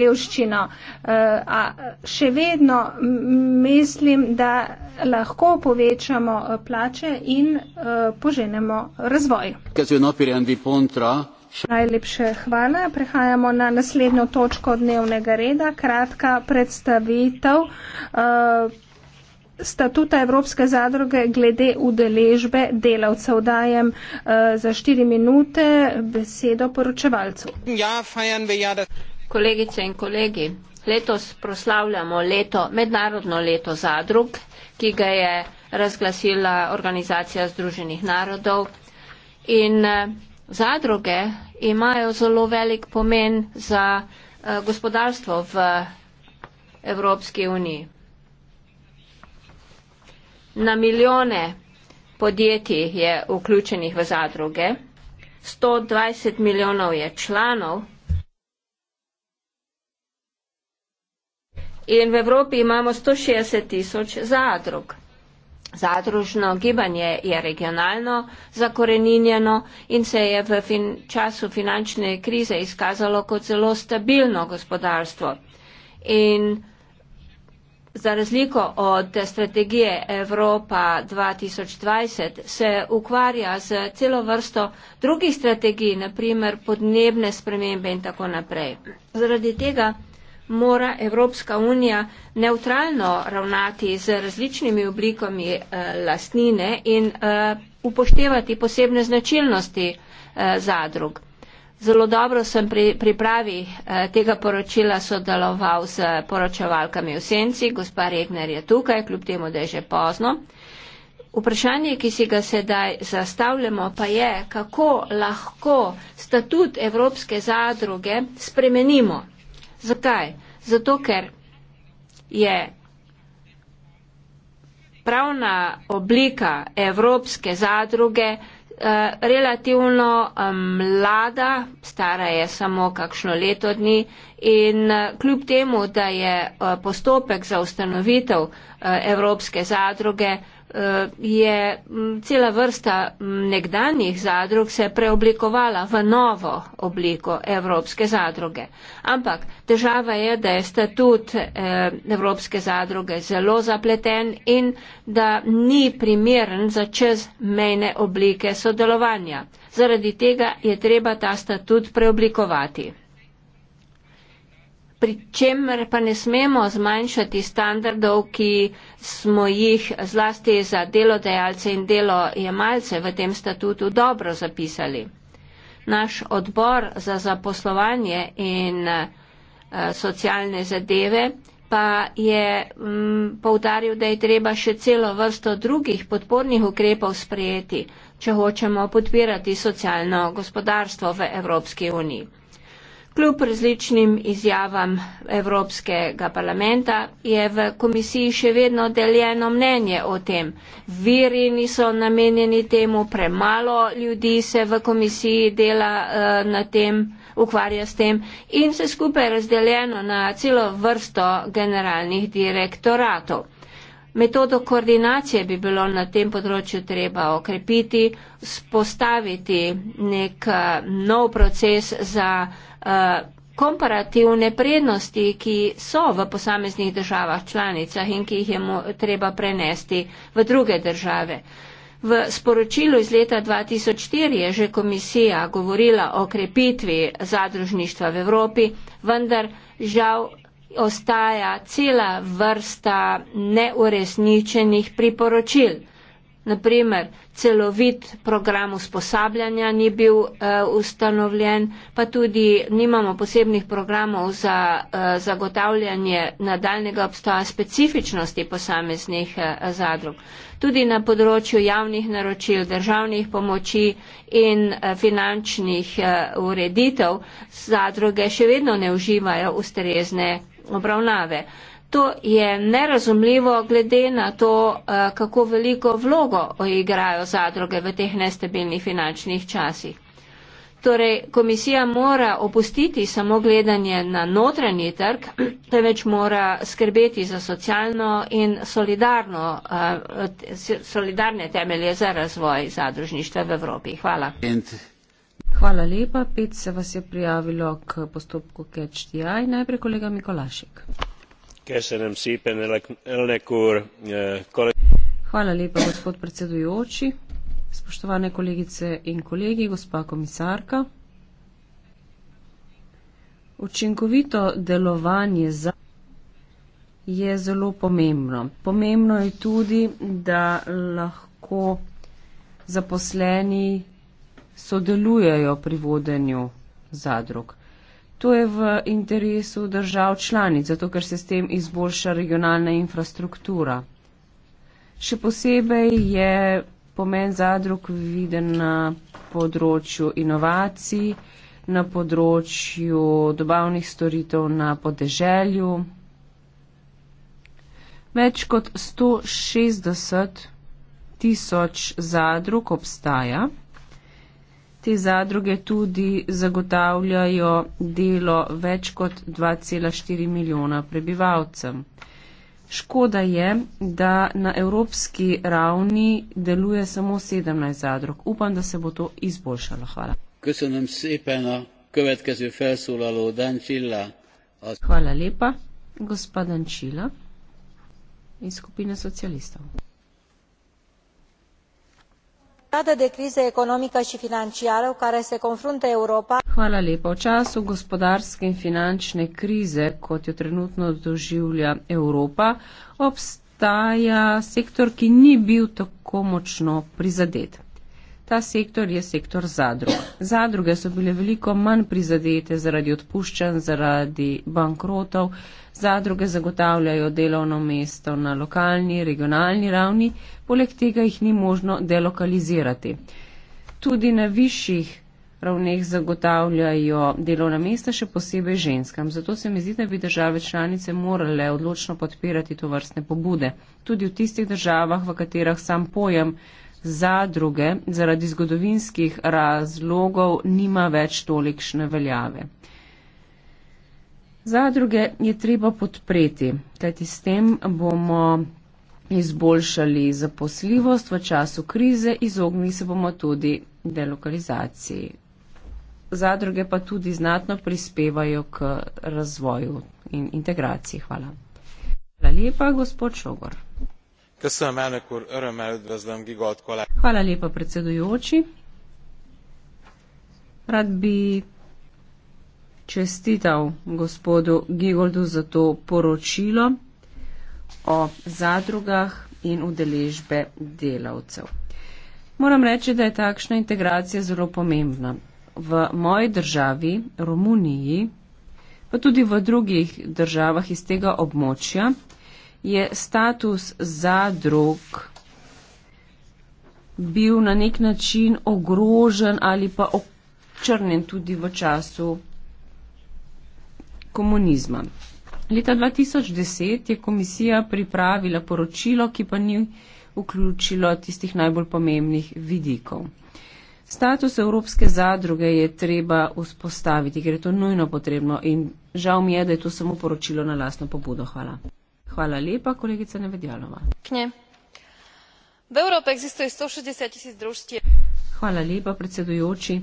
revščino. Eh, a še vedno mislim, da lahko povečamo eh, plače in eh, poženemo razvoj. Najlepše hvala. Prehajamo na naslednjo točko dnevnega reda. Kratka predstavitev statuta Evropske zadruge glede udeležbe delavcev. Dajem za štiri minute besedo poročevalcu. Ja, ja Kolegice in kolegi, letos proslavljamo leto, mednarodno leto zadrug, ki ga je razglasila Organizacija združenih narodov. In eh, zadruge imajo zelo velik pomen za eh, gospodarstvo v Evropski uniji. Na milijone podjetij je vključenih v zadruge, 120 milijonov je članov In v Evropi imamo 160 tisoč zadrug. Zadružno gibanje je regionalno zakoreninjeno in se je v fin času finančne krize izkazalo kot zelo stabilno gospodarstvo. In za razliko od strategije Evropa 2020 se ukvarja z celo vrsto drugih strategij, naprimer podnebne spremembe in tako naprej. Zaradi tega mora Evropska unija neutralno ravnati z različnimi oblikami eh, lastnine in eh, upoštevati posebne značilnosti eh, zadrug. Zelo dobro sem pri pripravi eh, tega poročila sodeloval s poročevalkami v Senci, gospa Regner je tukaj, kljub temu, da je že pozno. Vprašanje, ki si ga sedaj zastavljamo, pa je, kako lahko statut Evropske zadruge spremenimo. Zakaj? Zato, ker je pravna oblika evropske zadruge eh, relativno eh, mlada, stara je samo kakšno leto dni in eh, kljub temu, da je postopek za ustanovitev evropske zadruge Eh, je cela vrsta nekdanjih zadrug se preoblikovala v novo obliko Evropske zadruge. Ampak težava je, da je statut eh, Evropske zadruge zelo zapleten in da ni primeren za čezmejne oblike sodelovanja. Zaradi tega je treba ta statut preoblikovati pri čemer pa ne smemo zmanjšati standardov, ki smo jih zlasti za delodajalce in delojemalce v tem statutu dobro zapisali. Naš odbor za zaposlovanje in eh, socialne zadeve pa je m, mm, povdaril, da je treba še celo vrsto drugih podpornih ukrepov sprejeti, če hočemo podpirati socialno gospodarstvo v Evropski uniji. Kljub različnim izjavam Evropskega parlamenta je v komisiji še vedno deljeno mnenje o tem. Viri niso namenjeni temu, premalo ljudi se v komisiji dela uh, na tem, ukvarja s tem in se skupaj razdeljeno na celo vrsto generalnih direktoratov. Metodo koordinacije bi bilo na tem področju treba okrepiti, spostaviti nek uh, nov proces za Eh, komparativne prednosti, ki so v posameznih državah članicah in ki jih je treba prenesti v druge države. V sporočilu iz leta 2004 je že komisija govorila o krepitvi zadružništva v Evropi, vendar žal ostaja cela vrsta neuresničenih priporočil. Naprimer, celovit program usposabljanja ni bil uh, ustanovljen, pa tudi nimamo posebnih programov za uh, zagotavljanje nadaljnega obstoja specifičnosti posameznih uh, zadrug. Tudi na področju javnih naročil, državnih pomoči in uh, finančnih uh, ureditev zadruge še vedno ne uživajo ustrezne obravnave. Uh, To je nerazumljivo glede na to, eh, kako veliko vlogo igrajo zadruge v teh nestabilnih finančnih časih. Torej, komisija mora opustiti samo gledanje na notranji trg, temveč mora skrbeti za socialno in solidarno, eh, solidarne temelje za razvoj zadružništva v Evropi. Hvala. Hvala lepa. Pet se vas je prijavilo k postopku Catch the Eye. Najprej kolega Mikolašek. Eh, Hvala lepa, gospod predsedujoči. Spoštovane kolegice in kolegi, gospa komisarka. Učinkovito delovanje za je zelo pomembno. Pomembno je tudi, da lahko zaposleni sodelujejo pri vodenju zadrug. To je v interesu držav članic, zato ker se s tem izboljša regionalna infrastruktura. Še posebej je pomen zadrug viden na področju inovacij, na področju dobavnih storitev na podeželju. Več kot 160 tisoč zadrug obstaja te zadruge tudi zagotavljajo delo več kot 2,4 milijona prebivalcem. Škoda je, da na evropski ravni deluje samo 17 zadrug. Upam, da se bo to izboljšalo. Hvala. Hvala lepa, gospod Ančila iz skupine socialistov atacată de criză economică și financiară cu care se confruntă Europa. Hvala lepa. V času gospodarske in finančne krize, kot jo trenutno doživlja Evropa, obstaja sektor, ki ni bil tako močno prizadet. Ta sektor je sektor zadrug. Zadruge so bile veliko manj prizadete zaradi odpuščanj, zaradi bankrotov. Zadruge zagotavljajo delovno mesto na lokalni, regionalni ravni, poleg tega jih ni možno delokalizirati. Tudi na višjih ravneh zagotavljajo delovna mesta, še posebej ženskam. Zato se mi zdi, da bi države članice morale odločno podpirati to vrstne pobude. Tudi v tistih državah, v katerih sam pojem zadruge zaradi zgodovinskih razlogov nima več tolikšne veljave. Zadruge je treba podpreti, kajti s tem bomo izboljšali zaposljivost v času krize, izognili se bomo tudi delokalizaciji. Zadruge pa tudi znatno prispevajo k razvoju in integraciji. Hvala. Hvala lepa, gospod Šogor. Hvala lepa, predsedujoči. Rad bi čestital gospodu Gigoldu za to poročilo o zadrugah in udeležbe delavcev. Moram reči, da je takšna integracija zelo pomembna. V moji državi, Romuniji, pa tudi v drugih državah iz tega območja, je status zadrug bil na nek način ogrožen ali pa očrnen tudi v času komunizma. Leta 2010 je komisija pripravila poročilo, ki pa ni vključilo tistih najbolj pomembnih vidikov. Status Evropske zadruge je treba vzpostaviti, ker je to nujno potrebno in žal mi je, da je to samo poročilo na lastno pobudo. Hvala. Hvala lepa, kolegica Nevedjalova. Kne. V Evropi existuje 160 tisoč društv. Hvala lepa, predsedujoči.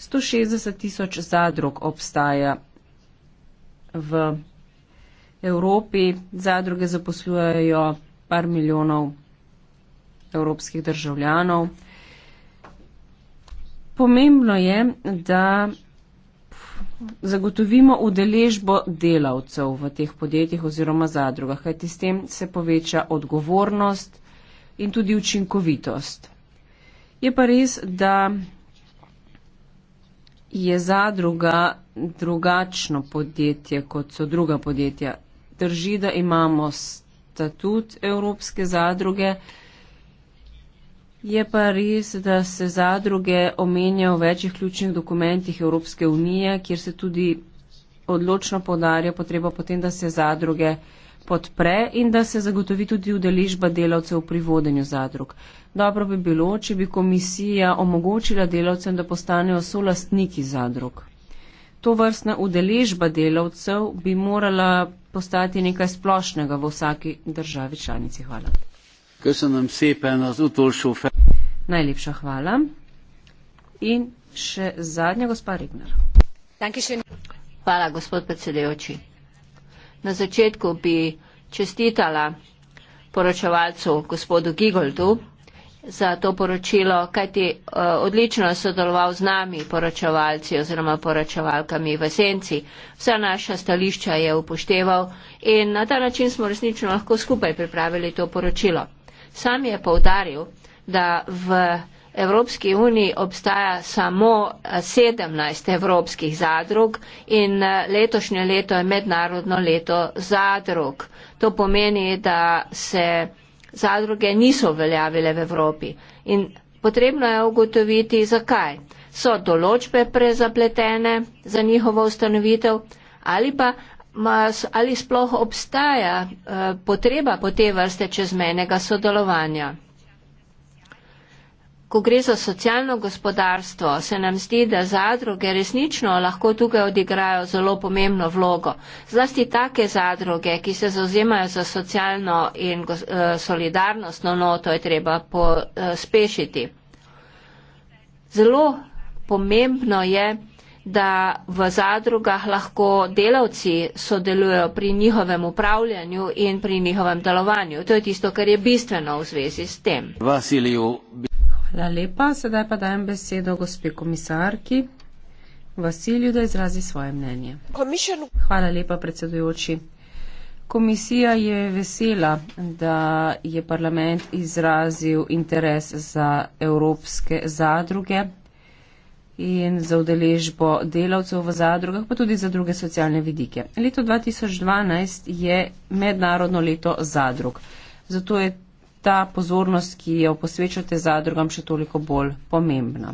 160 tisoč zadrug obstaja v Evropi. Zadruge zaposlujejo par milijonov evropskih državljanov. Pomembno je, da zagotovimo udeležbo delavcev v teh podjetjih oziroma zadrugah, kajti s tem se poveča odgovornost in tudi učinkovitost. Je pa res, da je zadruga drugačno podjetje, kot so druga podjetja. Drži, da imamo statut Evropske zadruge, Je pa res, da se zadruge omenja v večjih ključnih dokumentih Evropske unije, kjer se tudi odločno podarja potreba potem, da se zadruge podpre in da se zagotovi tudi udeležba delavcev pri vodenju zadrug. Dobro bi bilo, če bi komisija omogočila delavcem, da postanejo solastniki zadrug. To vrstna udeležba delavcev bi morala postati nekaj splošnega v vsaki državi članici. Hvala. Najlepša hvala. In še zadnja, gospa Regner. Hvala, gospod predsedujoči. Na začetku bi čestitala poročevalcu gospodu Gigoldu za to poročilo, kajti uh, odlično je sodeloval z nami poročevalci oziroma poročevalkami v Senci. Vsa naša stališča je upošteval in na ta način smo resnično lahko skupaj pripravili to poročilo. Sam je povdaril, da v Evropski uniji obstaja samo 17 eh, evropskih zadrug in eh, letošnje leto je mednarodno leto zadrug. To pomeni, da se zadruge niso veljavile v Evropi. In potrebno je ugotoviti, zakaj. So določbe prezapletene za njihovo ustanovitev ali pa Mas ali sploh obstaja eh, potreba po te vrste čezmenega sodelovanja? Ko gre za socialno gospodarstvo, se nam zdi, da zadruge resnično lahko tukaj odigrajo zelo pomembno vlogo. Zlasti take zadruge, ki se zauzemajo za socialno in eh, solidarnostno noto, je treba pospešiti. Eh, zelo pomembno je, da v zadrugah lahko delavci sodelujo pri njihovem upravljanju in pri njihovem delovanju. To je tisto, kar je bistveno v zvezi s tem. Vasiliju. Hvala lepa. Sedaj pa dajem besedo gospe komisarki Vasilju, da izrazi svoje mnenje. Hvala lepa, predsedujoči. Komisija je vesela, da je parlament izrazil interes za evropske zadruge, in za udeležbo delavcev v zadrugah, pa tudi za druge socialne vidike. Leto 2012 je mednarodno leto zadrug. Zato je ta pozornost, ki jo posvečate zadrugam, še toliko bolj pomembna.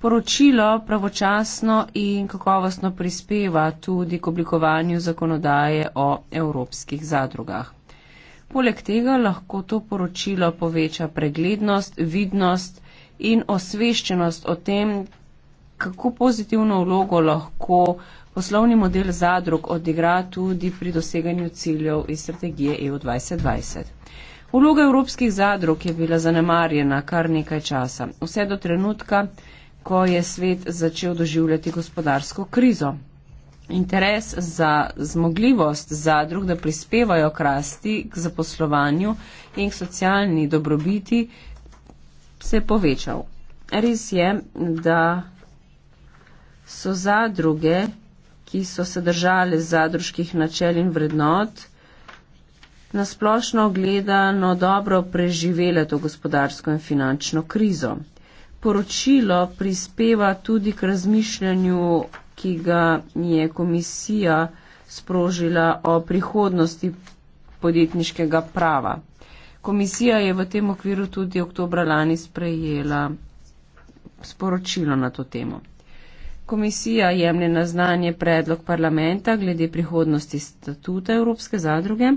Poročilo pravočasno in kakovostno prispeva tudi k oblikovanju zakonodaje o evropskih zadrugah. Poleg tega lahko to poročilo poveča preglednost, vidnost in osveščenost o tem, kako pozitivno vlogo lahko poslovni model zadrug odigra tudi pri doseganju ciljev iz strategije EU 2020. Vloga evropskih zadrug je bila zanemarjena kar nekaj časa, vse do trenutka, ko je svet začel doživljati gospodarsko krizo. Interes za zmogljivost zadrug, da prispevajo k rasti, k zaposlovanju in k socialni dobrobiti, se je povečal. Res je, da so zadruge, ki so se držale zadruških načel in vrednot, nasplošno gledano dobro preživele to gospodarsko in finančno krizo. Poročilo prispeva tudi k razmišljanju, ki ga je komisija sprožila o prihodnosti podjetniškega prava. Komisija je v tem okviru tudi oktobra lani sprejela sporočilo na to temo. Komisija jemlje na znanje predlog parlamenta glede prihodnosti statuta Evropske zadruge,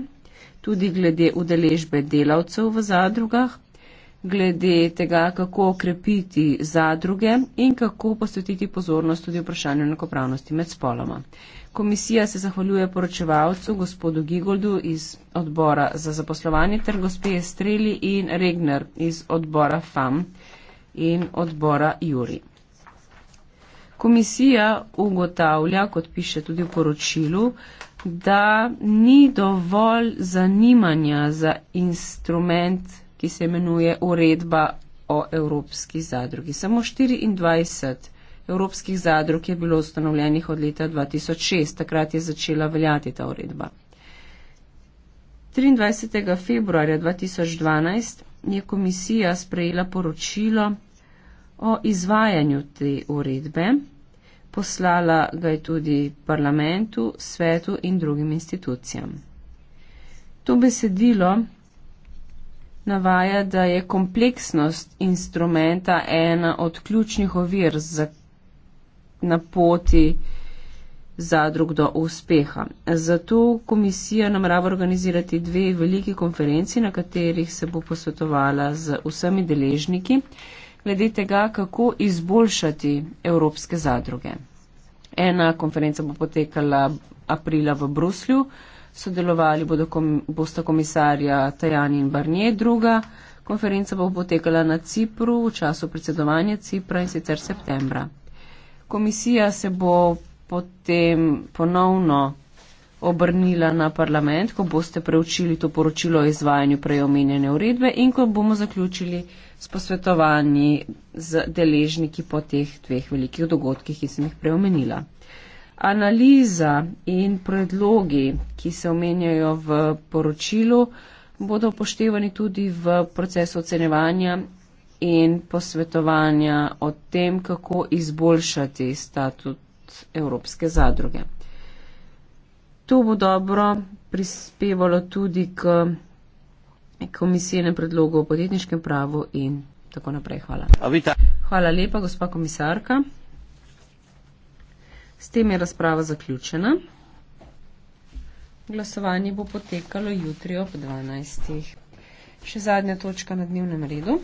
tudi glede udeležbe delavcev v zadrugah, glede tega, kako okrepiti zadruge in kako posvetiti pozornost tudi vprašanju enakopravnosti med spoloma. Komisija se zahvaljuje poročevalcu gospodu Gigoldu iz odbora za zaposlovanje ter gospe Streli in Regner iz odbora FAM in odbora Juri. Komisija ugotavlja, kot piše tudi v poročilu, da ni dovolj zanimanja za instrument, ki se imenuje uredba o evropski zadrugi. Samo 24 evropskih zadrug je bilo ustanovljenih od leta 2006, takrat je začela veljati ta uredba. 23. februarja 2012 je komisija sprejela poročilo, o izvajanju te uredbe. Poslala ga je tudi parlamentu, svetu in drugim institucijam. To besedilo navaja, da je kompleksnost instrumenta ena od ključnih ovir za, na poti zadrug do uspeha. Zato komisija namrava organizirati dve veliki konferenci, na katerih se bo posvetovala z vsemi deležniki glede tega, kako izboljšati evropske zadruge. Ena konferenca bo potekala aprila v Bruslju, sodelovali bodo kom, bosta komisarja Tajani in Barnje, druga konferenca bo potekala na Cipru v času predsedovanja Cipra in sicer septembra. Komisija se bo potem ponovno obrnila na parlament, ko boste preučili to poročilo o izvajanju preomenjene uredbe in ko bomo zaključili s posvetovanji z deležniki po teh dveh velikih dogodkih, ki sem jih preomenila. Analiza in predlogi, ki se omenjajo v poročilu, bodo upoštevani tudi v procesu ocenevanja in posvetovanja o tem, kako izboljšati statut Evropske zadruge. To bo dobro prispevalo tudi k komisijenem predlogu o podjetniškem pravu in tako naprej. Hvala. Hvala lepa, gospa komisarka. S tem je razprava zaključena. Glasovanje bo potekalo jutri ob 12. Še zadnja točka na dnevnem redu.